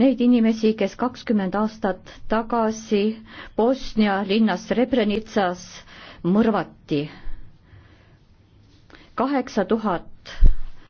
neid inimesi, kes kakskümmend aastat tagasi Bosnia linnas Srebrenitsas mõrvati. kaheksa tuhat